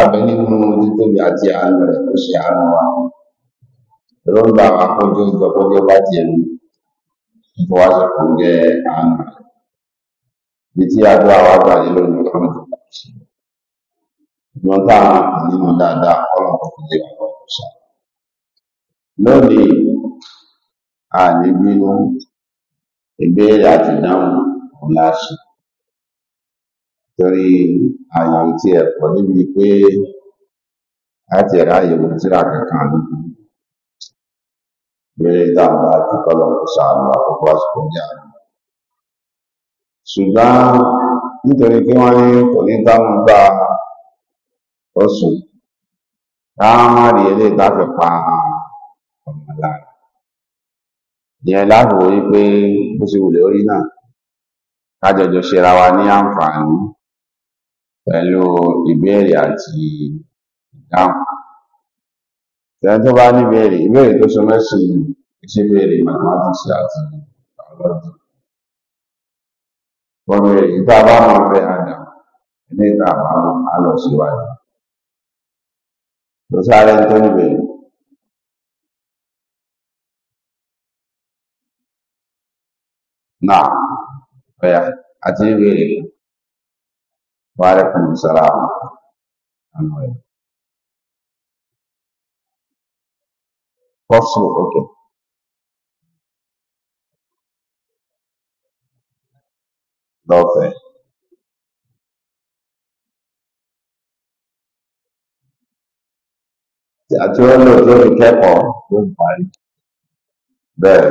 abẹ̀ nínú títóbi àti àánú rẹ̀ tó ṣe àánú wa èròǹgbà wa kọjú ìjọpọjọ bá tiẹ̀ mú nípa wá ṣe kò ń jẹ àánú rẹ̀ ibi tí àdúrà wa gbà yìí lónìí ọlọ́run tó bá ṣe ìwọ̀n tá a kàn nínú dáadáa ọlọ́run tó fi lè wà lọ́wọ́ ṣá lónìí a bínú ìbéèrè àti ìdáhùn ọ̀la ṣe. torí ààyè tí ẹ pọ̀ níbi pé láti ẹ̀rá àyẹ̀wò tíra kankan níbi eré dáadáa tí kọ́lọ̀ kò sàánú àkókò àsìkò ní àná ṣùgbọ́n nítorí kí wọ́n ní kò ní dáhùn gba ọ̀sùn má rí eléyìí láti pa ọmọ lára ìyẹn bó ṣe pẹ̀lú ìbéèrè àti ìdáhùn. Ìyẹn tó bá ní ìbéèrè, ìbéèrè tó so mẹ́sìn ìṣe ìbéèrè mathematics àti biology. Wọ́n béèrè ìta bá máa bẹ àdá ní ìta bá máa lọ síwájú. Lọ sáré tó ń béèrè. Náà, ọ̀yà àti ìbéèrè وعليكم السلام فصل اوكي ضافه àti wọn lò lórí kẹ́kọ̀ọ́ ló ń parí bẹ́ẹ̀.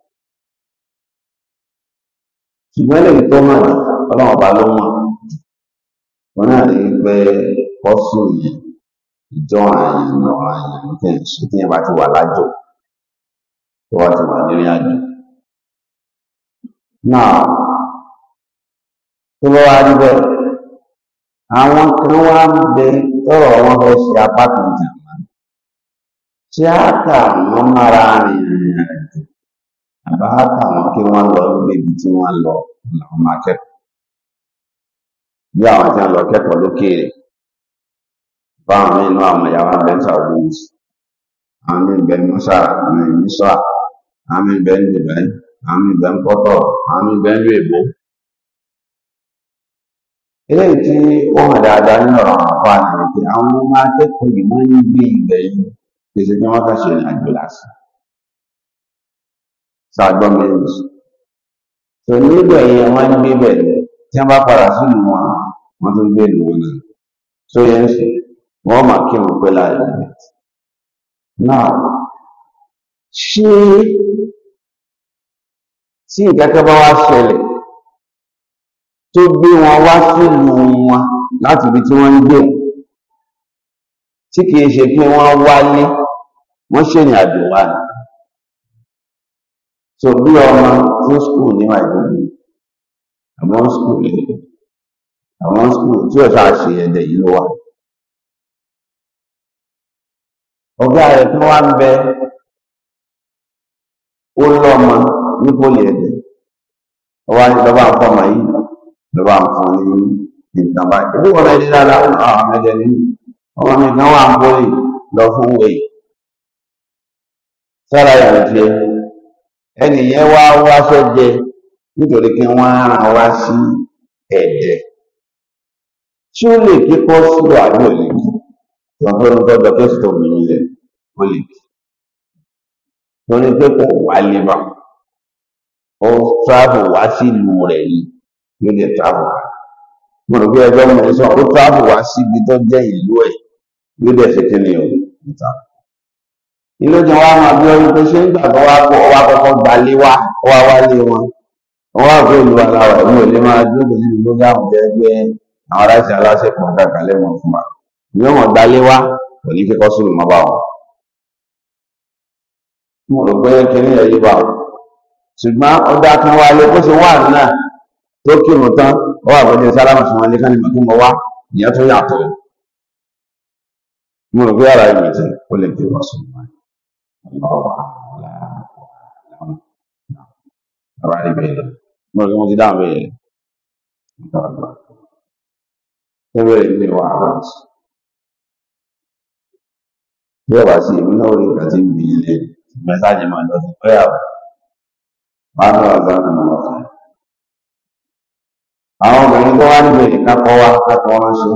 ṣùgbọ́n lẹ́yìn tó mọ̀ ọlọ́run ọba ló mọ̀ wọn náà rí pé ìjọ àyàn àyàn ní ṣe tí yẹn bá ti wà tó wá ti wà nírìn àjò. náà tó bá wá rí àwọn kan wá ń bẹ tọrọ wọn fẹ́ ṣe bá káwọn kí wọn lọ níbi tí wọn lọ làwọn máa kẹ́kọ̀ọ́ bí àwọn tí wọn lọ kẹ́kọ̀ọ́ lókèèrè báwọn nínú àwọn ìyàwó abẹnta woods àwọn ìbẹ musa àwọn ìmísọ àwọn ìbẹ ndìbẹ àwọn ìbẹ nkọtọ àwọn ìbẹ ńlú eléyìí tí ó hàn dáadáa nínú ọ̀rọ̀ àwọn àti àwọn akẹ́kọ̀ọ́ yìí wọ́n ń gbé ìgbẹ́ yìí ṣàgbọ́n méjì tó níbẹ̀ yẹn wọ́n ń gbé bẹ̀ tí wọ́n bá padà wọn wọ́n tún gbé ìlú náà tó yẹ ń wọ́n mà kí wọn pé láàyè náà ṣé tí ìkẹ́kẹ́ bá wá ṣẹlẹ̀ tó gbé wọn wá sílùú wọn láti ibi tí wọ́n ń so bí ọmọ ní skul ní àìgbòmí àwọn skul àwọn skul tí ó sáà ṣe ẹ̀dẹ̀ yìí ló wà ọgá rẹ̀ tó wá bẹ ó lọ́mọ ní pólì ẹ̀dẹ̀ ọwá ní lọ́ba ń yìí lọ́ba ń ní nǹkan báyìí ìlú wọn ẹni dáadáa ó àwọn ẹ̀dẹ̀ nínú ọmọ mi kan wà ń pólì lọ fún wẹ̀ sára ìrìn tiẹ̀ ẹnìyẹn wá wá fẹ́ jẹ nítorí kí wọ́n á ràn wá sí ẹ̀jẹ̀ tí ó lè kí kọ́ sílò àbí ò lè kí wọ́n fẹ́ ń tọ́jọ́ kẹ́sìtò obìnrin rẹ̀ ó lè kí torí pé kò wá lébà ó tíráfù wá sí ìlú yìí ló lè tíráfù wá mo rò pé ẹjọ́ mo sọ ó tíráfù wá síbi tó jẹ́ ìlú ẹ̀ ló dẹ̀ ṣe kí ni o ìtàkùn inú jẹ wá máa bí ọdún pé ṣé ń gbà kan wá kó ọwá kọ́kọ́ gbalé wá ọwá wálé wọn wọn wá pé ìlú aláwọ ẹmí ò lè máa dúró nínú lógáàmù jẹ pé àwọn aláṣẹ aláṣẹ kan kàkà lẹ́wọ̀n fún wa ìlú ọmọ gbalé wá kò ní kíkọ sùn mọ́ bá wọn. mo rò pé kíní ẹ̀yí bá wọn ṣùgbọ́n ọjà kan wá lé bó wà náà tó kírun tán ó wà pẹ̀lú sálámù fún wọn ọ̀wà ọ̀rọ̀ àdìbẹ̀rẹ̀ mo rí mo ti dáhùn bẹ́ẹ̀ tẹ́wẹ̀rẹ̀ ilé wa àbáṣe bí ọ̀bá sí èmi náà rí nǹkan tí ń bi ilé mẹ́sáàjì máa lọ sí pẹ́yàwó máa ń lọ sáà nínú ọkàn àwọn obìnrin tó wá níbẹ̀ kápọ̀ wá kápọ̀ ránṣẹ́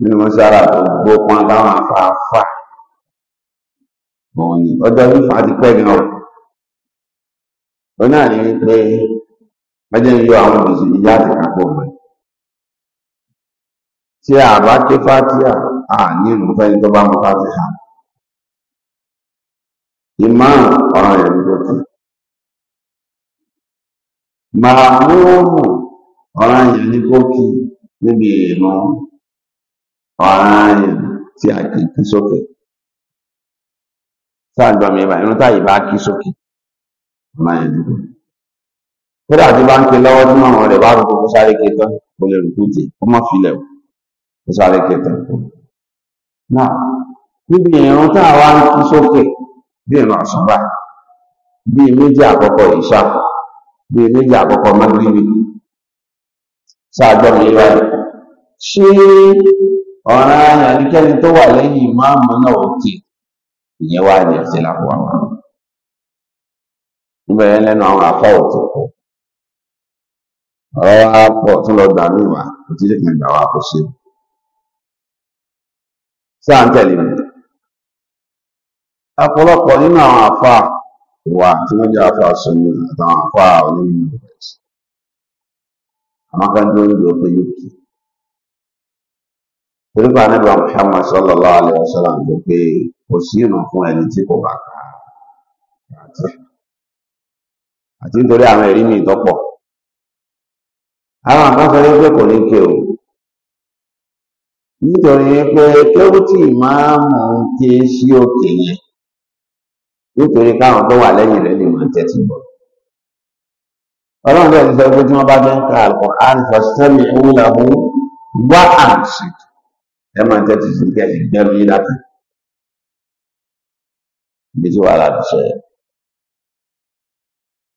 nínú mọ́sára gbogbo gbó pọn láwọn afáfá òun ni ọjọ́ fífa ti pẹ́ ní ọ̀rọ̀ ó náà ní wípé ẹjẹ́ ń yọ àwọn gbèsè ìyá àti kàkọ́ mọ́ tí a bá ké fátíà a ní ìlú fẹ́ni tó bá mú fátíà yẹn ló mú ọ̀ranyàn tí a kì í kí sókè sáàjọ mi ìbà irun táyì bá kí sókè ọ̀ranyàn dúró kódà tí bá ń ké lọ́wọ́ tí màmá rẹ̀ bá rúkú kó sáré ké tán kó lè rúkú tè kó mọ̀ filẹ̀ o kó sáré ké tán. náà níbi irun tá a wá ń kí sókè bí irun àṣùbà bí méjì àkọ́kọ́ ìṣà bí méjì àkọ́kọ́ mọ́gíríbì sáàjọ mi ìbà ṣé ọ̀ràn àyàn níkẹ́ni tó wà lẹ́yìn ìmáàmù náà ó kì ìyẹn wá ní ẹ̀sìn lápò àwọn ìbẹ̀rẹ̀ lẹ́nu àwọn àfọ́ òtún kù ọ̀rọ̀ wa pọ̀ tún lọ gbà mí wá kò tí gbà wá kó ṣe ń tẹ̀lé mi ọ̀pọ̀lọpọ̀ nínú àwọn tí wọ́n jẹ́ àṣọyìn àtàwọn onímọ̀ torípa níbi wa Muhammad sallallahu alaihi wasallam tó pé kò sí ìrun fún ẹni tí kò bá kà á àti nítorí àwọn ẹ̀rí mi ìtọ́pọ̀ àwọn àbá sọ pé kò ní kí o nítorí pé kéwùtì ìmáàmù ń ké sí òkè yẹn nítorí káwọn tó wà lẹ́yìn rẹ̀ tẹ̀sí bọ̀ ẹ máa tẹ́tù sí kẹ́sì gbẹ́rù yín láti ibi tí wàhálà ti ṣẹlẹ̀.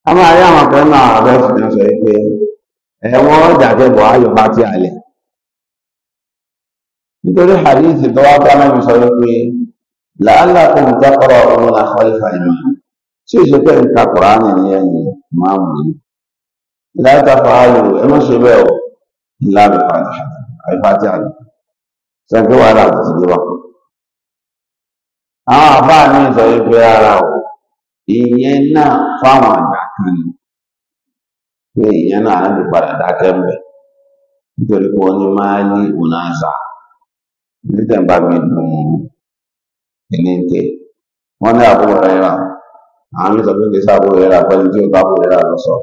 a máa rí àwọn kan náà àbẹ́ ti dán sọ pé ẹ̀wọ̀n ọjà kẹ́kọ̀ọ́ ayọ̀ bá ti àlẹ̀. nítorí hadith tó wá bá náà sọ pé làálàá kò ní dákọ̀rọ̀ ọmọ náà kọ́lífà ìmọ̀ tí ò pé ń ka kùránì ní ẹ̀yìn máa mú un. látàfà ayò ẹ má ṣe bẹ́ẹ̀ o ìlànà ìfàdí àìfàdí sẹ́ńtẹ́ wàhálà ti dé wa. àwọn àbá mi sọ pé ara o ìyẹn náà fáwọn àgbà kan ni pé ìyẹn náà á lè padà dákẹ́ mbẹ̀ nítorí pé ní máa ní mi dùn ẹni tẹ ní àbúrò àwọn mi sọ pé kì í rà tí bá rà lọ sọ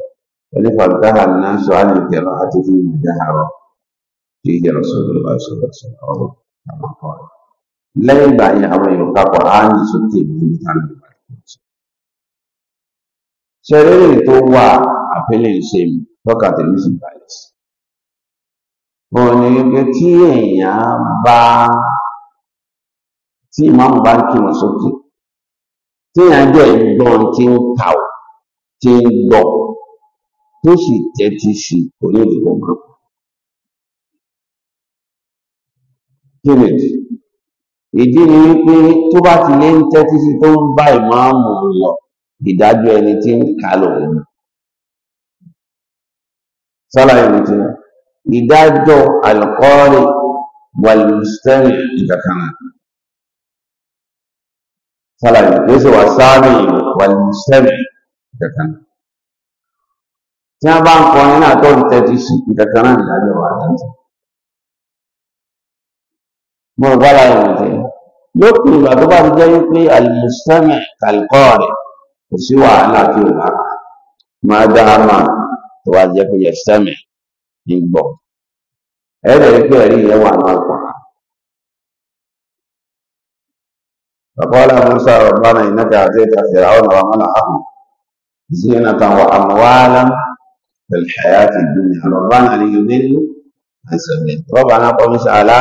kì í jẹ́ Rasulullah sallallahu alaihi wasallam ọ̀rọ̀ àwọn ọ̀rọ̀ rẹ̀. lẹ́yìn ìgbà yẹn àwọn èèyàn papọ̀ á ní sókè ìlú ìtàlù ṣẹlẹ́rì tó wà àpẹẹlẹ ṣe tọ́ka tẹ̀lé sí balẹ̀ sí. ni wípé tí èèyàn bá tí ìmáàmù bá ń kírun sókè tí èèyàn jẹ́ ìgbọ́n tí ń kà tí ń gbọ́ tó sì tẹ́tí sí kò ní ìdìbò máa kílèd ìdí ni wípé tó bá ti lé ń tẹ́tí sí tó ń bá ìmáàmù lọ ìdájọ́ ẹni tí ń kà lòun sálàyé mi ti ìdájọ́ àlùkọ́rì wàlùmùsítẹ́rì ìkàkàrà sálàyé kìí ṣe wà sáàmì wàlùmùsítẹ́rì ìkàkàrà tí wọ́n bá ń kọrin náà tó ń tẹ́tí sí ìkàkàrà ìdájọ́ wà láti mo rò bá lára rẹ̀ jẹ́ lópin ìgbà tó bá ti jẹ́ wípé àlùmùsùlùmí kàlùkọ́ rẹ̀ kò sí wàhálà tí ò máa máa dá a máa tó wá jẹ́ pé yẹ sẹ́mì ń gbọ́ ẹ lè rí pé ẹ̀rí yẹn wà náà pọ̀ bàbá ọlá musa rabbana innaka àtẹ́tà fir'auna wa mala'ahu zinatan wa amwalan fil hayati dunya rabbana liyudillu an sabili rabbana qum ala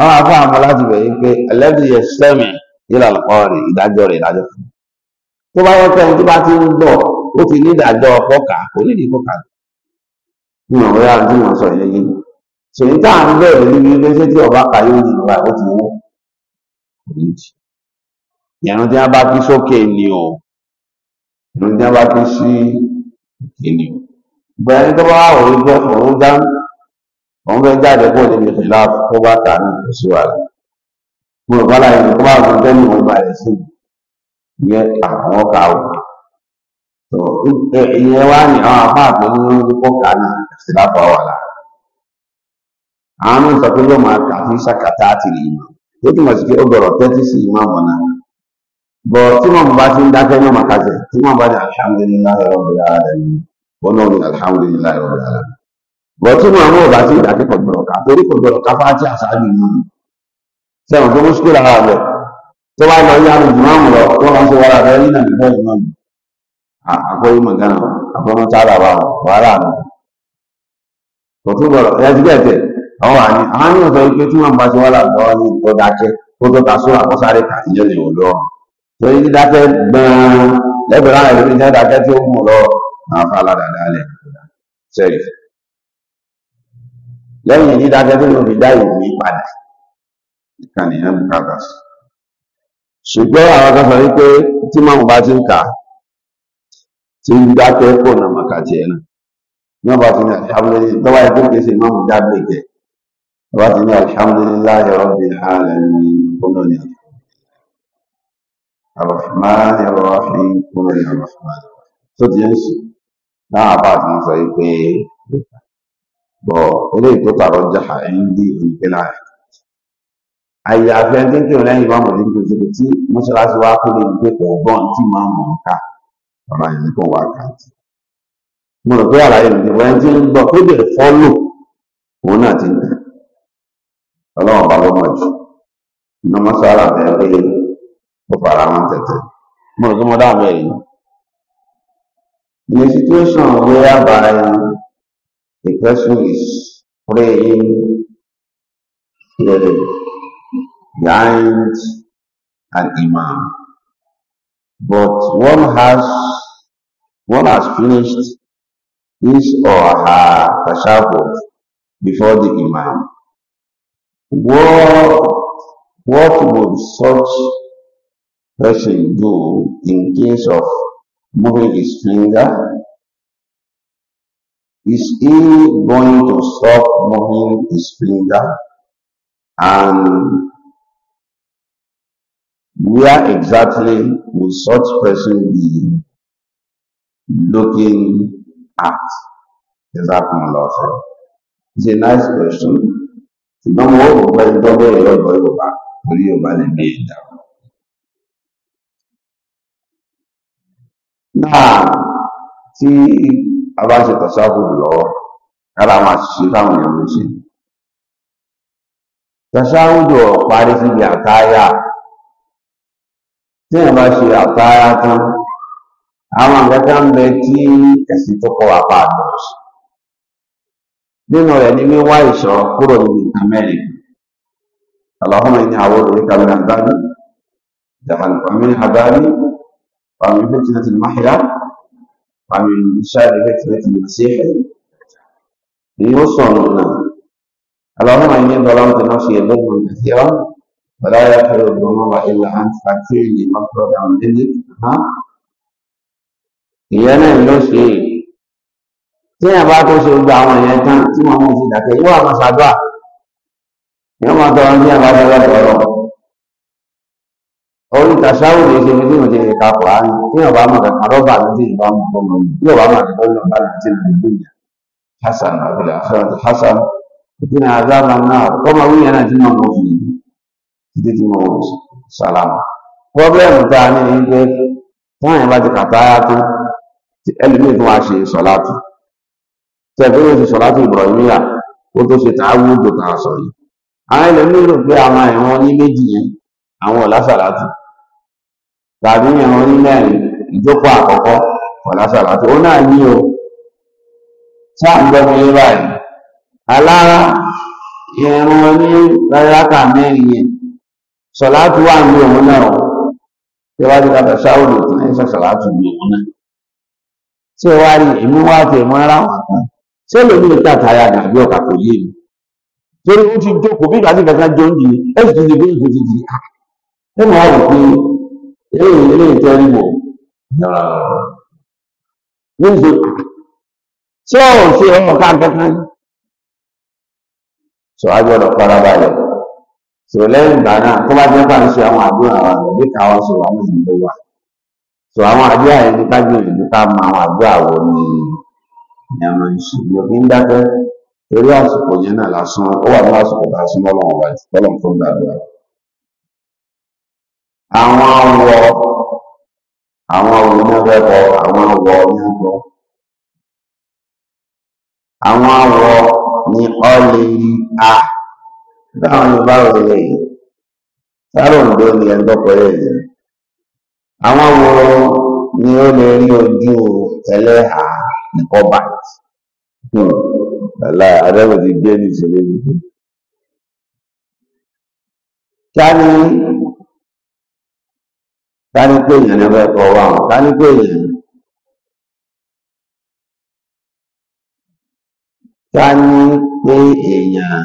àwọn afọ àmọ́ láti bẹ̀ yí pé ẹlẹ́dì yẹ sẹ́mi yìí lọ́pọ̀ rẹ̀ ìdájọ́ rẹ̀ ìdájọ́ fún tó bá yẹ pé ohun tó bá ti ń bọ̀ ó ti ní ìdájọ́ pọ́kà kò ní ìdíkọ́ kà ní ọ̀rọ̀ yára tí wọ́n sọ yẹn yìí sèyí tá à ń bẹ̀rẹ̀ níbi ilé ṣé tí ọba kà yóò ní ìgbà ti wó ìrìnjì tí wọ́n bá kí sókè ni o ìrìn tí wọ́n bá kí sí òkè ni o bẹ̀rẹ̀ tó bá wà wọ́n òun fẹ́ jáde kó níbi ìfìlà kó bá tà ní ìfòsíwájú mo rò bọ́lá yìí kó bá wọn tẹ́lẹ̀ wọn bá ihe sí ìyẹn àwọn kà ó ìyẹn wá ní àwọn apá àtúntò ní kó kà ní ìfìlà àwọn máa kà fún sàkàtà àti ìmọ̀ tó túmọ̀ sí pé ó tẹ́tí sí ìmọ̀ náà bọ̀ tí bá ti ń dákẹ́ náà màkàtẹ̀ tí wọ́n bọ̀túnmọ̀ àwọn ọ̀bá tí ìdájí kò gbọ̀rọ̀ ká torí kò gbọ̀rọ̀ ká fáájì àṣáájú yìí sẹ́wọ̀n tó mọ́ṣúkú lára rẹ̀ tó wá lọ yá máa ń lọ ṣe rẹ̀ ti tẹ̀ ike tí wọ́n bá ṣe wàhálà lọ́wọ́ ní tó dákẹ́ tó ta kà lẹ́yìn dị tó ló fi dá ìwé padà ìkànnì yẹn bùkátà sí ṣùgbọ́n àwọn kan sọ wípé tí máa bá ti ń kà tí ń dákẹ́ pọ̀ náà màkà náà ní ọba ti ní tọ́wá ọba ti ní ní ní tó ti ń sùn náà àbá àti sọ wípé. eléyìí tó tààrọ jáfa ẹni bí onígbẹ́ láàrin àyè àfẹ́ ndị ń kírun lẹ́yìn ìbá tí mọ́ṣáláṣí wa kó lè gbé pọ̀ bọ́ọ̀n tí máa mọ̀ ń ká ọ̀rọ̀ àyè ní kò wá kàǹtì mo rò pé àlàyé mi ń gbọ́ òun náà ti ń tẹ̀ ọlọ́run jù iná pé ó fara tẹ̀tẹ̀ mo The person is praying behind an imam. But one has one has finished his or her tashahud before the imam. What, what would such person do in case of moving his finger Is he going to stop moving his finger? And where exactly will such person be looking at? Jazakumullah khair. It's a nice question. ṣùgbọ́n mo wọ́n pẹ́ tó bẹ̀rẹ̀ lọ́dọ̀ Yorùbá torí Yorùbá lè bí ìdá. Náà tí a bá ń ṣe tàṣáhùdù lọ́wọ́ lára àwọn àṣìṣe táwọn èèyàn ló ṣe tàṣáhùdù ọ̀ parí síbi àtáyà tí èèyàn bá ṣe àtáyà tán àwọn nǹkan kan bẹ tí ẹ̀sìn tó kọ́ wa pa àgbọ̀n ṣe nínú rẹ̀ ní wíwá ìṣọ́ kúrò níbi nǹkan mẹ́rin وعن مشاركة المسيح ليوصلنا اللهم إني ظلمت نفسي ظلما كثيرا ولا يغفر الذنوب إلا أنت فاغفر لي مغفرة من عندك ها ìyẹn náà ló ṣe é tí ẹ bá tó ṣe gbogbo àwọn èèyàn tán tí wọn mú ti dàkẹ́ yóò àwọn ṣàdúrà yóò máa tọrọ ní àbájọ lọ́dọ̀ ọ̀rọ̀ orí tàṣáwò lè ṣe ibi tí ìka pọ̀ á ní tí ọba mọ̀ kankan rọ́bà ló ti ìbá mọ̀ bọ́ mọ̀ ní ọba mọ̀ kankan lọ́bà ló ti lè gbé yà hasan abdul hasan hasan tí ní azaba náà kọ́mọ wíyẹn náà tí náà mọ̀ fi títí tí mo sàlámù. pọ́blẹ́mù tá a ní ní pé táwọn yẹn bá ti kàtá yá tó tí ẹlòmíì tó wáá ṣe sọ̀láàtù tí ẹgbẹ́ yóò ṣe sọ̀láàtù ìbọ̀rọ̀míyà ó tó ṣe tààwù dòtà sọ yìí. àwọn ẹlòmíì rò pé àwọn ẹ̀wọ̀n ní méjì yẹn àwọn ọ̀làṣàlátì tàbí ìran onímẹ́rin ìjókòó àkọ́kọ́ ọ̀làṣàlátì ó náà ní o sáàgbọ́n ilé báyìí alára ìrìn oní ráráka mẹ́rin yẹn sọ̀látì wà ní òun náà tí kàtà tó ní ní òun náà tí ó wá rí ti mọ́ ara wọn ẹ máa rò pé eléyìí eléyìí tẹ́ ń ní ìṣe ṣé ṣe ọmọ sọ a gbọ́dọ̀ farabalẹ̀ sọ lẹ́yìn ìgbà náà tó bá jẹ́ bá ń ṣe àwọn àdúrà rẹ̀ bí àwọn ìlú sọ àwọn àdúrà yẹn ní ká gbìyànjú ká mọ àwọn àdúrà ni dákẹ́ torí àsìkò yẹn náà àwọn wọ àwọn wọ ní ọgbẹ́bọ àwọn wọ ní ọgbọ àwọn wọ ní a dáwọn yorùbá wò lè sáré òǹdó ni ẹ ń dọkọrẹ yìí àwọn wo ni ó lè rí ojú ẹlẹ́hà hmm. gbé ká ní pé èèyàn ní ọbẹ̀ kọ wá wọn ká ní pé èèyàn pé èèyàn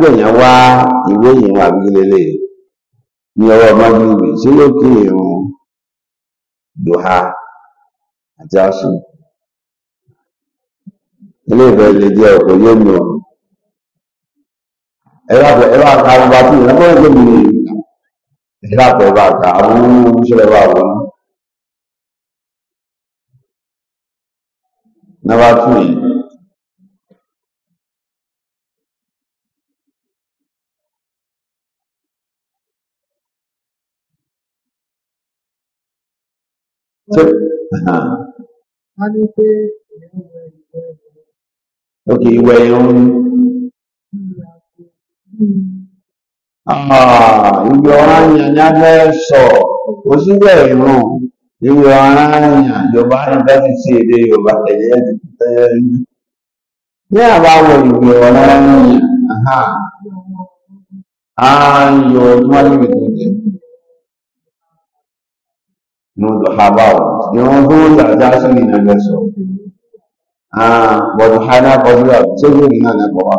pé èèyàn wá ìwé ní ọwọ́ àti ilé ìfẹ́ lè jẹ́ yóò အဲ့ဒါပဲအဲ့ဒါကာဘာတိလည်းမဟုတ်ဘူးလေအဲ့ဒါပဲပါကာဘူးဆိုလည်းပါဘူးနဘာတိဆက်ဟာအာဒီပေโอเคဝယ်ရုံး Ah, ìwé ọ̀ranyàn ni a fẹ́ sọ kò síbẹ̀ ìrùn ìwé ọ̀ranyàn yorùbá nípa ti ṣe èdè yorùbá ẹ̀yẹ ẹ̀yẹ ní àbáwọ̀ ìwé ọ̀ranyàn ayọ̀ tí wọ́n níbi tó jẹ ní ọdọ̀hábáwọ̀ ìwọ̀n tó ń tàjá sí ìrìnàjò sọ bọ̀dọ̀hábáwọ̀ tó ń tàjá sí ìrìnàjò sọ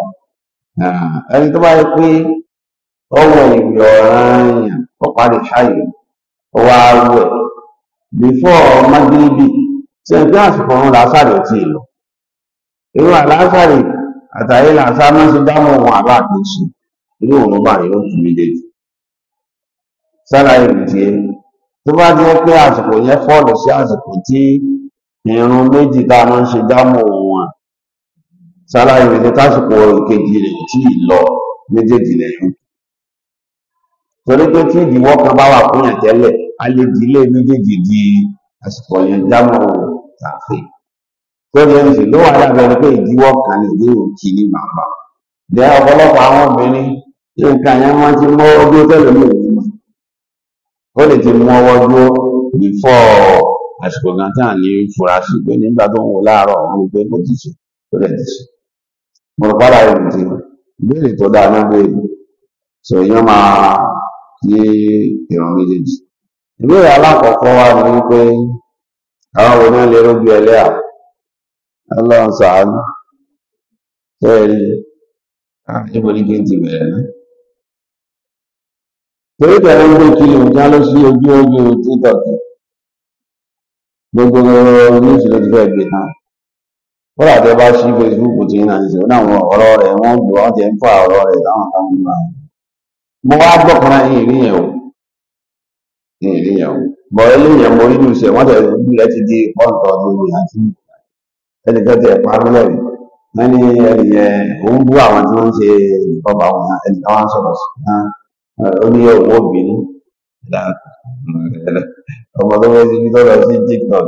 ẹni tó bá yẹ pé ọwọ́ ìwé ọ̀ràn yàn ó parí ṣáyè ó wá wẹ̀ bífọ́ mágíríbì tí ẹni pé àsìkò ọ̀run làásàrè ti lọ irú àlásàrè àtàyè làásà máa ń ṣe dámọ̀ ohun àbá àkóso irú òun bá yóò fún mi dédì sára ìrìntì ẹ tó bá jẹ́ pé àsìkò yẹn fọ́ọ̀lù sí àsìkò tí irun méjì tá a máa ń ṣe dámọ̀ ohun sára ìrètí tásìkò ìkejì rẹ̀ tí ì lọ méjèèjì lẹ́yìn torí pé tí ìdíwọ́ kan bá wà fún yàn tẹ́lẹ̀ a lè dílé méjèèjì di àsìkò yẹn jámọ́ tààfin torí ẹni sì ló wà lábẹ́ ni pé ìdíwọ́ kan lè ní òkì ní bàbá jẹ́ ọ̀pọ̀lọpọ̀ àwọn obìnrin tí nǹkan yẹn máa ti mọ́ ọdún tẹ́lẹ̀ ní òní mọ́ ó lè ti mú ọwọ́ dúró bífọ́ àsìkò kan tí à ní fura sí pé nígbà tó ń wò láàárọ̀ wọn pé mo ti ó lè ti sùn mọ̀rọ̀pára ẹ̀rùn ti béèrè tó dáa náà béèrè sọ èèyàn máa kí ìran méjèèjì ìbéèrè alákọ̀ọ́kọ́ wá ní wípé àwọn wo náà lè rójú ẹlẹ́à ọlọ́run sàánú tẹ́ẹ̀rí bẹ̀rẹ̀ torí tẹ̀lé ń gbé kiri ojú ojú gbogbo ní ìṣẹ̀lẹ̀ ti fẹ́ gbé náà kódà tẹ bá ṣí facebook tí náà ń ṣe ó náà ọ̀rọ̀ rẹ̀ wọ́n gbọ́ wọ́n ti ń fà ọ̀rọ̀ rẹ̀ táwọn kan ń ra mo wá gbọ́kànlá ìrìn yẹn o ìrìn yẹn o bọ̀ eléyẹn mo rí lùsẹ̀ wọ́n tẹ̀ ojú rẹ̀ ti di pọ́ǹtọ̀ lórí àti ẹnìkan tẹ̀ parí lẹ́rìí wọ́n ní ẹnìyẹn òun bú àwọn tí wọ́n ṣe ìkọba wọn ẹnìkan wá sọ̀rọ̀ sí ó ní owó obìnrin ọmọ tó fẹ́ sí ibi tó sí tiktok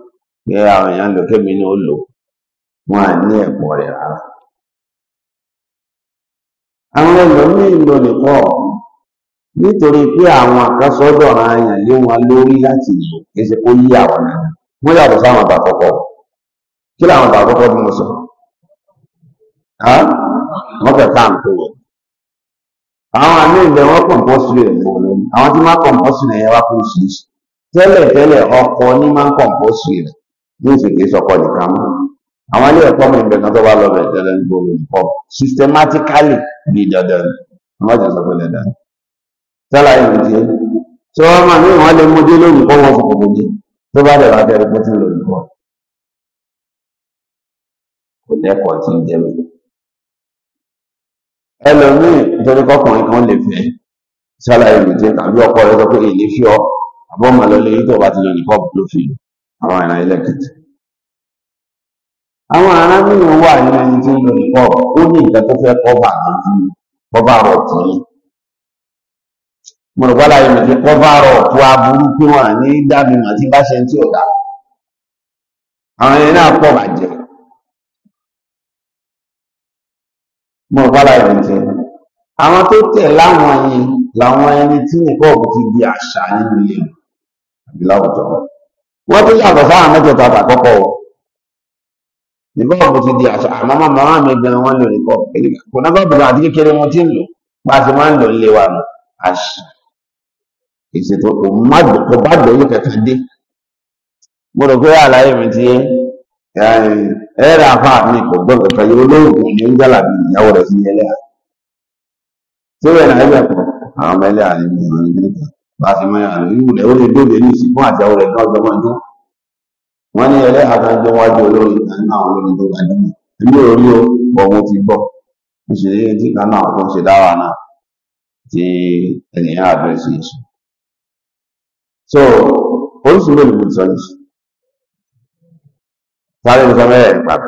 pé àwọn èèyàn lò kémi ní ó lò wọn à ní ẹ̀pọ̀ rẹ̀ rárá. àwọn ẹlòmíín lò nítorí pé àwọn àkọsọ́dọ̀ àyàn lé wọn lórí láti lò kí ṣe kó yí àwọn náà wọ́n yàtọ̀ sáwọn àgbà àkọ́kọ́ kí làwọn àgbà àkọ́kọ́ bí mo sọ wọ́n fẹ́ ká nǹkan wọ̀ àwọn àmì ìbẹ̀ lónìí àwọn tí ní oṣù kìí sọkọ nìkan mú àwọn ilé ẹ̀kọ́ mi ìbẹ̀ kan tó bá lọ bẹ̀ tẹ́lẹ̀ ní gbogbo nìkọ́ systematically ní dandan ni wọ́n ti sọ pé dandan tẹ́lá ìlú ti tí wọ́n máa ní ìwọ́n lè mójú lónìí kó wọ́n fòkòkò jù tó bá dẹ̀ wá tẹ́lẹ̀ pé tí lónìí kọ́ kò lẹ́kọ̀ọ́ tí ń jẹ́ mi ẹlòmíì nítorí kọkùnrin kan lè fẹ́ tẹ́lá ìlú ti tàbí ọkọ rẹ sọ pé èyí fi ọ àbọ̀ yìí tó bá ti lónìí kọ́ fi lò àwọn ìran ẹlẹ́kẹ̀tì àwọn ìran mìíràn wà nínú ẹni tí ń lo nìkọ́ ó ní nǹkan tó fẹ́ kọ́ bà kọ́ bà rọ̀ tó yìí mọ̀rọ̀gbọ́lá yìí mẹ̀tí kọ́bárọ̀ tó aburú pé wọ́n ní dábì mà tí bá ṣe tí ò dá àwọn ẹni náà pọ̀ bàjẹ́ mọ̀rọ̀gbọ́lá yìí mẹ̀tí àwọn tó tẹ̀ láwọn yìí làwọn ẹni tí nìkan òkú ti di àṣà nínú ilé àbí láwùjọ wọn wọ́n tó yàtọ̀ sáà mẹ́tẹ̀ẹ̀ta àtàkọ́kọ́ wọ̀ nígbà wọn kò ti di àṣà àmọ́ màmá mi gan wọn lò nìkọ́ kò náà bá bùnà àti kékeré wọn ti ń lò bá a ti máa ń lò nílé wa nù àṣì ìṣètò kò má kò bá dòyún kẹta dé mo rò pé àlàyé mi ti ẹ rà fà mí kò gbọ́ kẹta yìí olóògùn ní ń jàlá bí ìyàwó rẹ̀ sí ẹlẹ́yà tí ó yẹ náà ẹgbẹ́ kan àwọn ọmọ ẹlẹ́yà ní ìlú ìlú bá ti mọ ìyàrá irú rẹ̀ ó lè dóde ní ìsìnkú àti àwọn rẹ̀ kan ọjọ́ mọ́ ẹjọ́ wọ́n ní ẹlẹ́hà kan jọ wájú olórin kan náà olórin tó gbajúmọ̀ èmi ò rí so oríṣi mélòó ló ti sọ yìí sáré ló sọ bẹ́ẹ̀ pàtó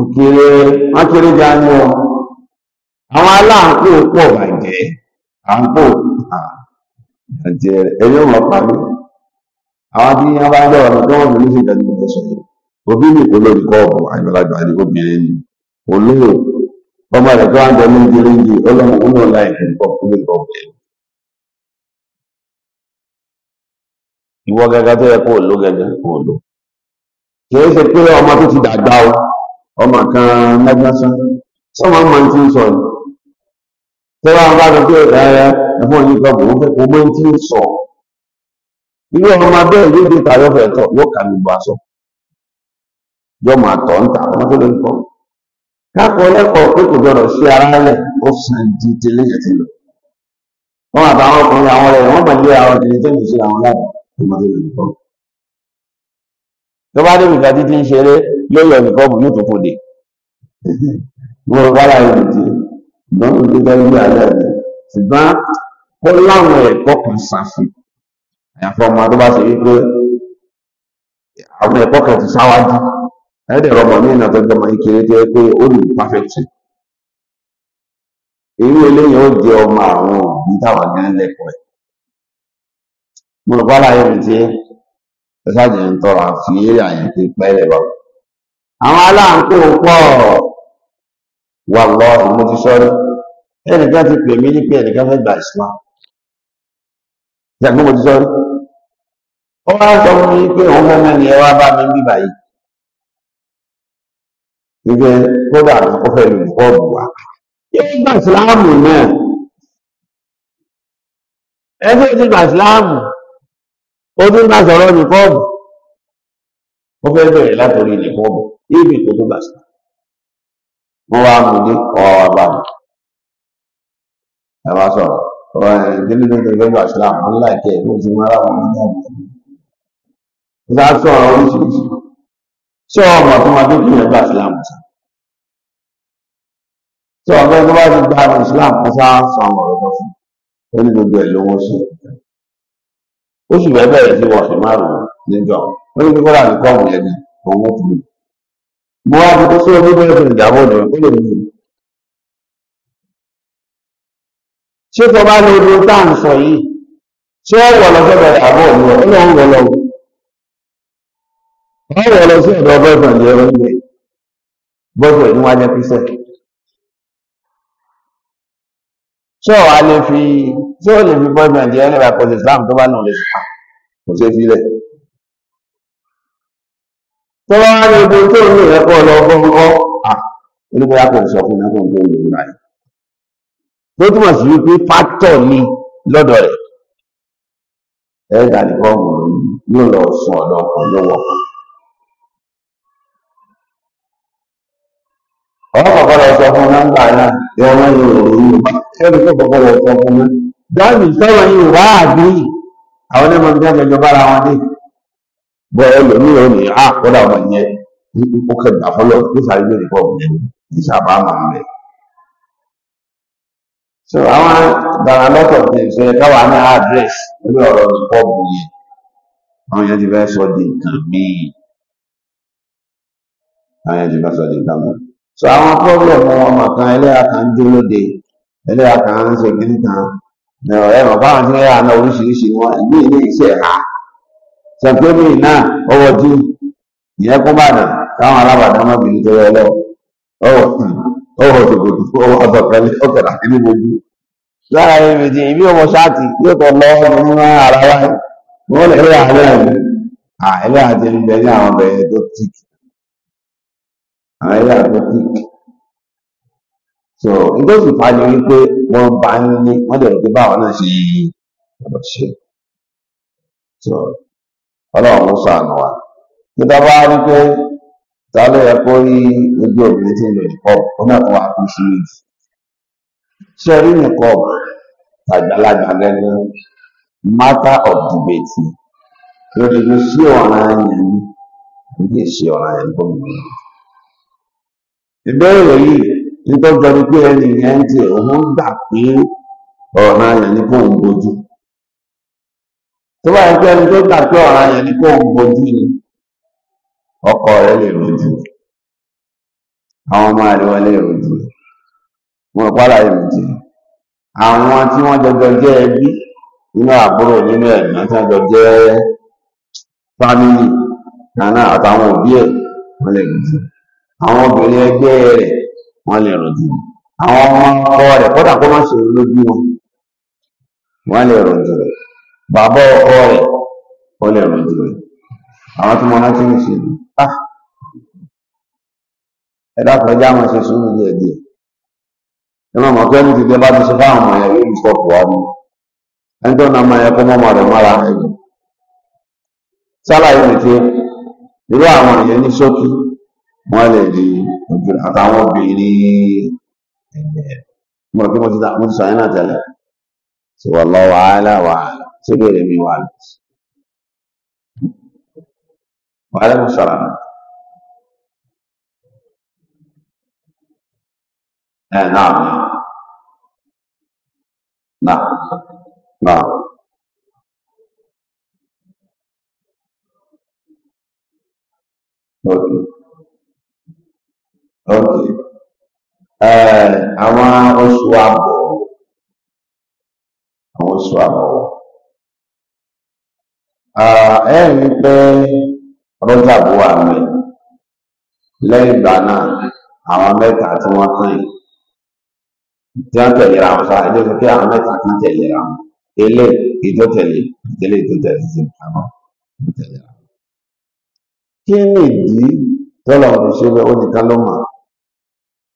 òkèèrè wọ́n kéré jẹ́ àánú ọ àwọn aláàpò pọ̀ bàjẹ́ àǹpò àjẹ́ ẹ̀yọ́ wọn parí àwọn bí wọ́n bá lọ́wọ́ ọ̀nà tó wọ́n mú ní sí ìdájọ́ ìgbésọ̀ yìí òbí mi kò lórí kọ́ọ̀bù àgbàlagbà àti obìnrin ni olóò ọmọ rẹ̀ tó wá ń bẹ ní ìdíríjì ọlọ́mọ òun náà láì fún kọ́ọ̀bù lórí kọ́ọ̀bù yẹn. ìwọ gẹ́gẹ́ tó yẹ kó o lò gẹ́gẹ́ kó o lò kì í ṣe pé ọmọ tó ti dàgbà o Ọ kan lẹ́gbẹ́sán sọ́mọ́ máa ń tí ń sọ ka tẹ́wà ń bá lọ bí ọ̀dà ara ẹ̀fọ́n yìí kan bòó fẹ́ kó máa ń tí ń sọ irú ọmọ dị dị. tó bá débi ìgbà títí ń ṣeré lórí ọ̀nìkọ́bù yóò tó fòdè wọn ò bára ẹni tí wọn ò dé lórí alẹ́ rẹ̀ ṣùgbọ́n ó láwọn ẹ̀kọ́ kan ṣàfi àyàfọ́ ọmọ tó bá ṣe wípé àwọn ẹ̀kọ́ kan ti ṣáwájú ẹ̀ẹ́dẹ̀rọ ọmọ mi náà tó gbọmọ ìkéré jẹ́ pé ó lù pàfẹ́tì irú eléyìí ó jẹ ọmọ àwọn òbí táwọn gan lẹ́kọ̀ọ́ ẹ̀ mo rò bára ẹni tí ẹ̀sáàjì ń tọrọ àfi eré àyẹ̀tẹ̀ pẹ́ẹ́lẹ̀ wa. àwọn aláǹkó pọ̀ wà lọ ìmú ti sọ́rí ẹnìkan ti pè mí ní pé ẹnìkan fẹ́ gba Islam ìjàgbọ́n mo ti sọ́rí ó wá sọ fún mi pé òun fẹ́ mẹ́ni ẹ wá bá mi bíbà yìí ìgbẹ́ kódà àwọn akọ́fẹ́ lù bọ́ọ̀bù wa yóò gba Islam náà ẹgbẹ́ ti gba Islam ó tún bá sọ̀rọ̀ nìkọ́ọ̀bù ó fẹ́ bẹ̀rẹ̀ látọ̀rí nìkọ́ọ̀bù ibi kò tó bá sí wọ́n wá mú dé ọwọ́ wa bá mi ẹ wá sọ̀rọ̀ ọ̀rọ̀ ìdílé ní gẹ́gẹ́ bí àṣírà àwọn ńlá ìkẹ́ ìlú ti mú aláwọ̀ ní ìdáàbò ó sá sọ̀rọ̀ oríṣiríṣi ṣé ọmọ tó máa dókè yẹn gba Islam sí ṣé ọgbẹ́ tó bá ti gba Islam kó sá sọ ọ̀rọ̀ kan fún ó gbogbo ẹ̀ lówó sí i ó sì fẹ́ bẹ̀rẹ̀ sí wọ̀ṣẹ̀ márùn-ún níjọ ó ní kíkọ́ra ní kọ́ọ̀mù yẹn ni òun ó mo wá fi sí ọdún bẹ́ẹ̀ fún ìdábò ni ó lè mú un. ṣé tó bá lè tá à ń sọ yìí ṣé ó wọ̀ lọ sọ́dọ̀ ìyàbọ̀ mi ọ̀ ó lọ́wọ́ lọ wọ̀ lọ sí ọ̀dọ̀ bọ́ọ̀fẹ̀ ní ẹ̀rọ ilẹ̀ bọ́ọ̀fẹ̀ ní wájú píṣẹ̀ tí ọ̀wá lè fi tí ó lè fi boyfriend yẹn lè bá kọ́sí Islam tó bá nù lè sùn kò ṣe fi lẹ̀. tó bá wá ní ibi tó ń lò rẹ kọ́ lọ fún à olùkọ́ yà kò sọ fún mi kò ń gbé náà. tó túmọ̀ sí wípé pátọ̀ ni lọ́dọ̀ rẹ̀ ẹ̀ẹ́dà nìkan mọ̀ yóò lọ sùn ọ̀dọ̀ ọkọ̀ lọ́wọ́ kan. ọ̀pọ̀pọ̀ lọ sọ fún nọ́mbà náà yọ wọ́n yóò rò ní ìwà ẹni tó pọ̀pọ̀ lọ sọ fún náà dáàbì sọ̀rọ̀ yìí wá àbí àwọn ẹ̀mọ́ bí dáàbì ìjọba ara wọn dé bọ́ ẹ lò ní òní ah, à kódà ọmọ yẹn ó kẹ gbà fọlọ tó sáré lórí pọ̀ ní sábà máa ń bẹ̀. so àwọn dara lọ́tọ̀ ní ìṣe káwa ní àdírẹ́sì lórí ọ̀rọ̀ ìpọ́ọ̀bù yẹn àwọn yẹn ti fẹ́ sọ di nǹkan míì àwọn yẹn ti fẹ́ sọ di nǹkan míì. so àwọn problem wọn mà kan ẹlẹ́yà kan jó lóde ẹlẹ́yà kan ń ṣe kíní kan ọ̀rẹ́ mọ̀ báwọn tí wọ́n yà náà oríṣiríṣi ha sọ̀tẹ́mì náà ọwọ́ tí ìyẹn kún bàdàn káwọn alábàdàn má bìí tó yẹ lọ ọwọ́ ọwọ́ tòkòtò ọwọ́ ọ̀kẹ́lá kíní gbogbo lára ìbí ọmọ yóò lọ ọmọ ara wa àwọn ilé àtọ́tík so nítorí sì fàájú wípé wọ́n bá ń ní wọ́n dẹ̀ rògbé báwọn náà ṣe ọ̀dọ̀ ṣe so ọlọ́run ló sọ àná wa nígbà bá rí pé ta ló yẹ kó rí ojú obìnrin tí ń lo nìkọ́ọ̀bù ó náà tún wà kú sí ìlú ṣe rí nìkọ́ọ̀bù àgbàlagbà gẹ́gẹ́ matter of debate lórí ní sí ọ̀ràn yẹn ní kì í ṣe ọ̀ràn yẹn ìbẹ̀rẹ̀ yìí nítọ́jọ́ ni pé ẹni yẹn ń tiẹ̀ òun gbà pé ọ̀nà ayàn ni kò ń gbójú tó bá yẹ pé ẹni tó gbà pé ń gbójú ni ọkọ rẹ lè rojú àwọn ọmọ rojú wọn àwọn tí jọjọ ẹbí nínú àbúrò nínú tí jọ fámìlì àtàwọn òbí àwọn obìnrin ẹgbẹ́ rẹ̀ wọ́n lè rọ̀jò àwọn ọmọ ọkọ rẹ̀ kódà kó má ṣòro lójú wọn wọ́n lè rẹ̀ bàbá ọkọ rẹ̀ ó lè rẹ̀ àwọn tí mo ṣe ah! ẹ dákun ẹjẹ àwọn sùúrù ẹ má mọ̀ pé ẹni tìjẹ bá ti ṣe fáwọn ọmọ yẹn sọ na ọmọ yẹn kó wọ́n lè rí ojú àtàwọn obìnrin ẹ̀gbẹ́ mo rò ti dá mo ti sọ tẹ́lẹ̀ tí wọ́n lọ wàhálà wàhálà tí mi wà lọ. wàhálà mo sọ̀rọ̀ ẹ̀ náà náà náà. Okay. àwọn oṣù àbọ̀ àwọn oṣù àbọ̀ ẹ rí pé rọ́jà bó wà mí lẹ́yìn ìgbà náà àwọn mẹ́ta tí wọ́n kàn yìí tí wọ́n tẹ̀lé ra wọn sáà ẹjọ́ sọ pé àwọn mẹ́ta kan tẹ̀lé ra wọn ilé ìjọ tẹ̀lé ìdílé ìjọ tẹ̀lé sí àwọn ìjọ wọn. kí nìdí tọ́lọ̀ ọ̀rọ̀ ṣe bẹ́ẹ̀ ó nìkan ló mọ̀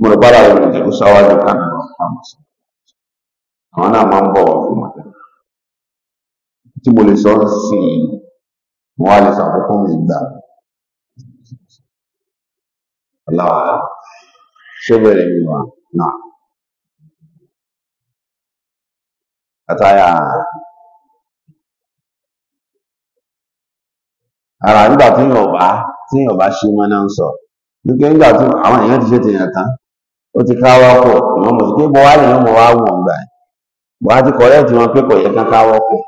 mo rò pàdà rẹ̀ ó sáwájú kánà lọ pamọ́ sí àwọn náà máa ń bọ̀ tí mo sọ sí i mo wá lè sàkókò mi gbà ọláwà ṣé bẹ̀rẹ̀ mi wà náà àtàyà ara nígbà tí yóò bá tí yóò bá ṣe mọ́ náà ń sọ nígbà tí àwọn èèyàn ti ṣe tèèyàn ó ti káwọ́ pọ̀ ìwọ́n mọ̀ sí pé ụmụ lè mọ̀ wá wọ̀n gbà ẹ̀ bọ́wá ti kọ̀rẹ́ tí wọ́n pé kò yẹ kán káwọ́ pọ̀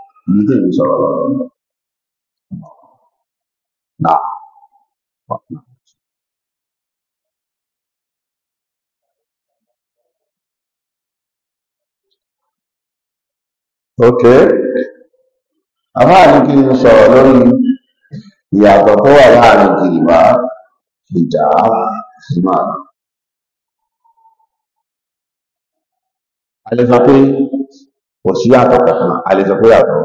a lè sọ pé kò sí yàtọ̀ kankan a lè sọ pé yàtọ̀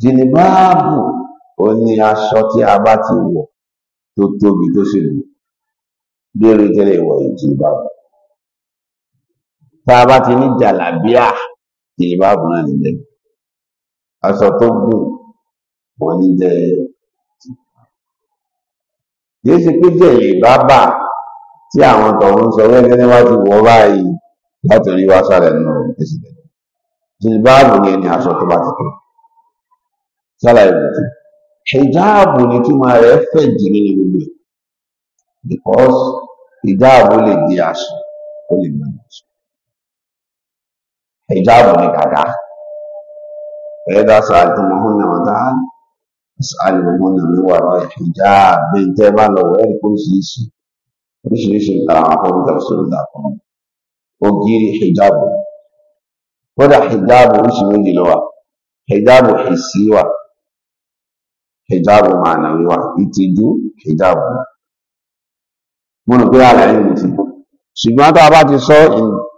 jìnnìbáàbù ó ní aṣọ tí a bá ti wọ̀ tó tóbi tó sì lù bí eré tẹ́lẹ̀ a bá ti ní jàlábíà jìnnìbáàbù náà nílẹ̀ aṣọ tó gùn wọ́n ní jẹ́ yìí ṣe pé jẹ̀lẹ̀ bá tí àwọn tọ̀hún sọ wẹ́gẹ́ níwájú wọ́ báyìí láti rí wá sálẹ̀ nínú èsì tẹ̀lé jìlbáàbù yẹn ni aṣọ tó bá ti tó sálàyé bùtù ìjáàbù ni túmọ̀ rẹ̀ fẹ̀ jì nínú gbogbo ẹ̀ because ìjáàbù lè di aṣọ ó lè mọ̀ aṣọ ìjáàbù ni kàkà ẹ̀dá sàájú mọ́hún náà wọ́n sàájú mọ́hún náà ní wàrà ìjáàbù tẹ́ bá lọ wẹ́rì kó sì í sùn oríṣiríṣi àwọn àfọwọ́tà sọ̀rọ̀ dàpọ̀ ògiri hijabu kódà hijabu oríṣi méjì ló wà hijabu hissi wà hijabu mànàwí wà ìtìjú hijabu mo rò pé àlàyé mi ti ṣùgbọ́n tá a bá ti sọ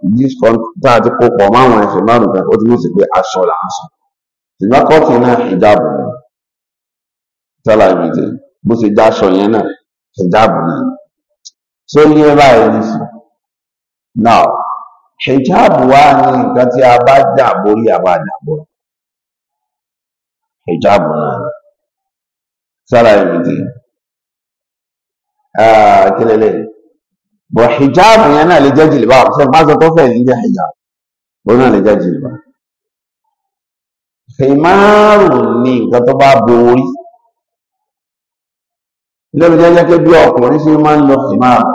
ìdíṣkan tá a ti kó pọ̀ máwọn ẹsẹ̀ márùn kan ó ti mọ̀ sí pé aṣọ là ń sọ ṣùgbọ́n kọ́ọ̀tù náà hijabu ni tọ́lá bó ṣe já aṣọ yẹn náà hijabu náà tó ní ẹ báyìí ní sí now hijab wa ni nǹkan tí a bá dà borí a bá dà bọ hijab náà sára ìrìndì kílẹ̀lẹ̀ bọ̀ hijab yẹn náà lè jẹ́ jìlìbá ṣe má sọ tó fẹ́ ní jẹ́ hijab ó náà lè jẹ́ jìlìbá fèmárùn ni nǹkan tó bá borí lẹ́nu jẹ́ pé bí ọkùnrin ṣe máa ń lọ fèmárùn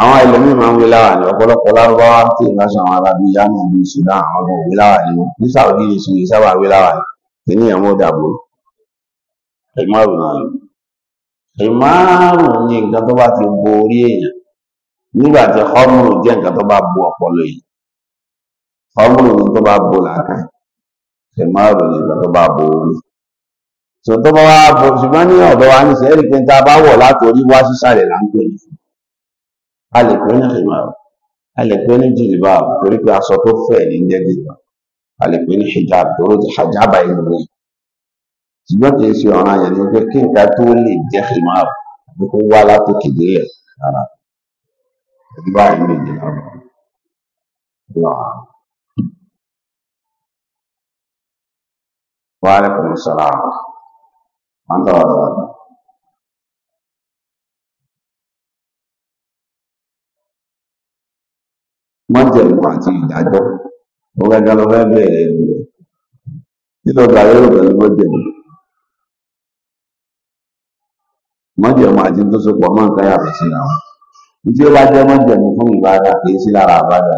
àwọn ẹlòmíín máa ń wí láwà ní ọ̀pọ̀lọpọ̀ lárúbáwá tí ìgbà sọ àwọn arábí yánà bí Sudan àwọn ọmọ òwe láwà ní ní Saudi yìí sì sábà wí láwà ní kíní ẹ̀mọ́ dàbò ìmárùn náà ni ìmárùn ni nǹkan tó bá ti bo orí èèyàn nígbà tí ọmọrùn jẹ́ nǹkan tó bá bo ọpọlọ yìí ọmọrùn ni tó bá bo làákà ìmárùn ni nǹkan tó bá bo orí tó tó bá wá bo ṣùgbọ́n ní ọ̀dọ̀ wa ní sẹ́ẹ̀rì a lè pè ní himar a lè pè ní jilbab torí pé aṣọ tó fẹ̀ ní jẹ́ jilbab a lè pè ní hijab torí ti hajaba ìlú ni ṣùgbọ́n kì í ṣe ọ̀ràn yẹn ni pé kí nǹkan tó lè jẹ́ himar àbí kó wá látòkè délẹ̀ rárá ìdíbà ìlú ìjìnlẹ̀ ọ̀rọ̀ وعليكم السلام ورحمة الله وبركاته májẹ̀mú àti ìdájọ́ ó gẹ́gẹ́ lọ fẹ́ bẹ̀rẹ̀ ẹ̀rọ nílò gbàlérò pẹ̀lú májẹ̀mú májẹ̀mú àti tó so pọ̀ mọ́ nǹkan yàtọ̀ síra wọn tí ó bá jẹ́ májẹ̀mú fún ìbára kì í sí lára àbájá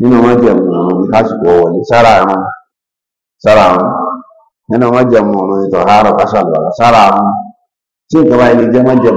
nínú májẹ̀mú ọ̀run ní kásìkò wọlé sára ẹran sára nínú sára tí nǹkan báyìí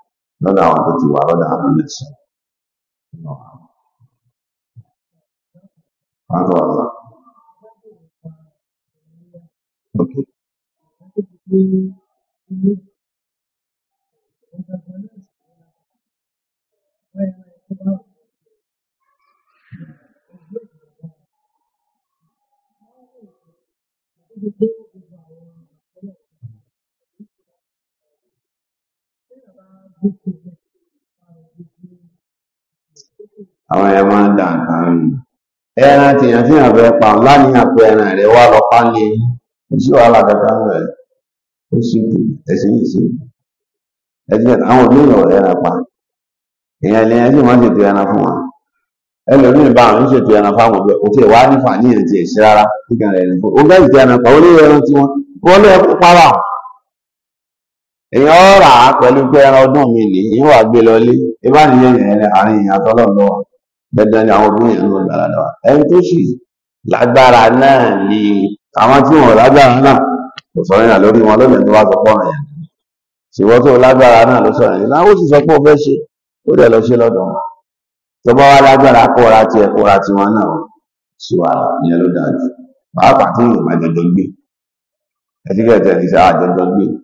lọ́dọ̀ àwọn tó ti wà lọ́dọ̀ àwọn ilé sọ. Pàtó ọ̀la. Thank you. àwọn èèyàn máa ń dà nǹkan rú ẹran ẹran lọ pa ní ìṣe wàhálà kankan rẹ̀ àwọn òbí pa máa ń ṣètò ẹran fún wa ẹlòmíì bá àwọn ẹran nífà ní ìrìn tiẹ̀ rárá kíkan rẹ̀ nìkan ó bẹ́ẹ̀ ti ẹran pa ó lé ẹran ẹkú èèyàn rà á pẹ̀lú pé ẹran ọdún mi ní ìyẹn wà gbé lọlé ibà nìyẹn yẹn àárín èèyàn àtọ́lọ̀ lọ́wọ́ dandan ni àwọn ọdún yẹn ló gbàrà lọ́wọ́ ẹni tó sì lágbára náà ni àwọn tí wọn lágbára náà kò sọ̀rọ̀ yẹn lórí wọn lónìí tó wá sọ pọ́nrán yẹn ṣùgbọ́n tó lágbára náà ló sọ̀rọ̀ yẹn láwọn ó sì sọ pé ó fẹ́ ṣe ó dẹ̀ lọ ṣe lọ́dọ̀ wọn tó bá wá lágbára kóra tiẹ̀ kóra tiwọn náà sí wa ìyẹn ló dáa jù pàápàá tí yóò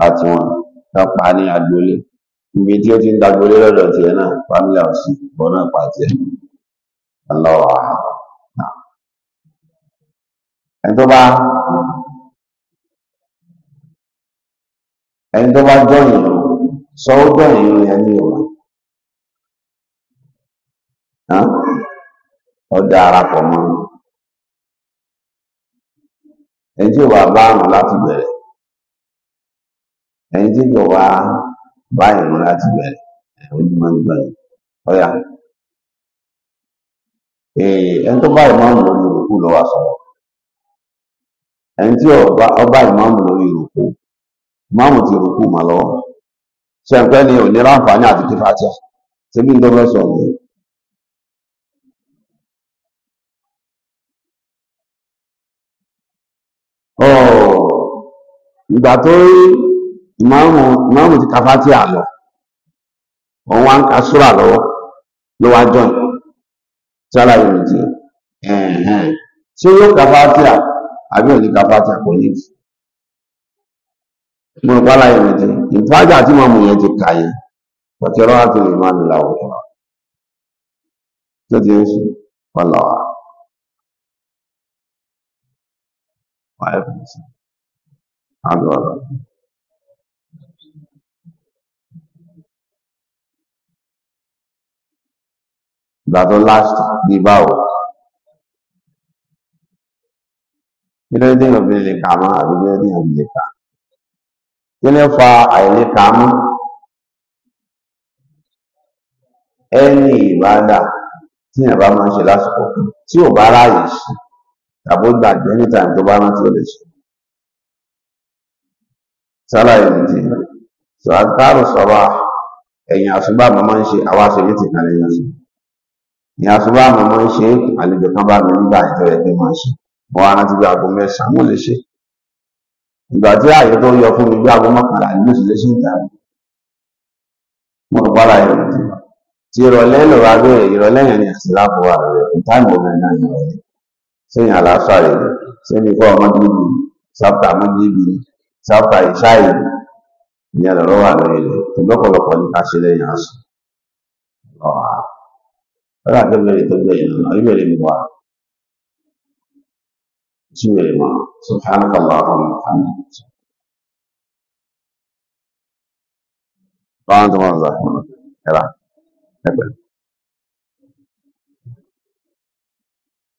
láti wọn pa ní agboolé ibi tí ó ti ń dagboolé lọ́dọ̀ tiẹ̀ náà family house ìbọn náà pa sọ jọyìn lọ yẹn ní Yorùbá ọjà arapọ̀ ẹni tí bá bá àrùn ẹni tí kò wá báyìí mú láti bẹ̀rẹ̀ ojúmọ́ gbọ́n yìí ọ̀yà ẹni tó báyìí máa ń lórí ìrùkú lọ́wọ́ sọ̀rọ̀ ẹni tí ọba ìmáàmù lórí ìrùkú ìmáàmù ti lọ́wọ́ ni ò ní ráǹfààní àti ń ìgbà tó ìmáàmù ti ka a lọ òun wá ń ka súrà lọ́wọ́ ló wá jọ sára tí ṣé yóò ka fatia àbí òní ka fatia kò ní tí ìfájà tí yẹn ti kà àti ìgbà tó last bíi báwo kí ló dé òbí lè kà mọ́ àbí ló dé òbí lè kà kí ló fa àìlèkà mọ́ ẹni ìbádà tí èèyàn bá máa ń ṣe lásìkò tí ò bá ráàyè sí tàbó gbàgbé níta tó bá rántí ó lè ṣe sálàyé nìdí sọ àtàrò sọ̀rọ̀ ẹ̀yìn àṣùgbà máa ń ṣe àwọn aṣèlú ti kàn lẹ́yìn ọ̀sán ìyá tó bá mọ̀ mọ́ ń ṣe àlejò kan bá mi nígbà ìjọ ẹgbẹ́ máa ṣe mo wá rántí bí aago mẹ́sàn-án mo lè ṣe ìgbà tí ààyè tó yọ fún mi bí aago mọ́kànlá ní oṣù lè ṣe ń dàrú mo rò pàrà ẹ̀rọ ti ti ìrọ̀lẹ́ lọ́wọ́ abẹ́rẹ́ yẹn ni àti láàbò wà rẹ̀ fún táìmù obìnrin náà ìrọ̀lẹ́ sẹ́yìn àlàáfà rẹ̀ sẹ́yìn kọ́ ọmọ gíbi sábà ọmọ gíbi sábà ìṣáì ìyẹn lọ́rọ̀ wà lórí rẹ̀ tó ní ká ṣe lẹ́yìn àṣù. فلا الذي تبين الجري مضاعف بسم الله سبحانك اللهم وبحمدك قال انت مرضى يلا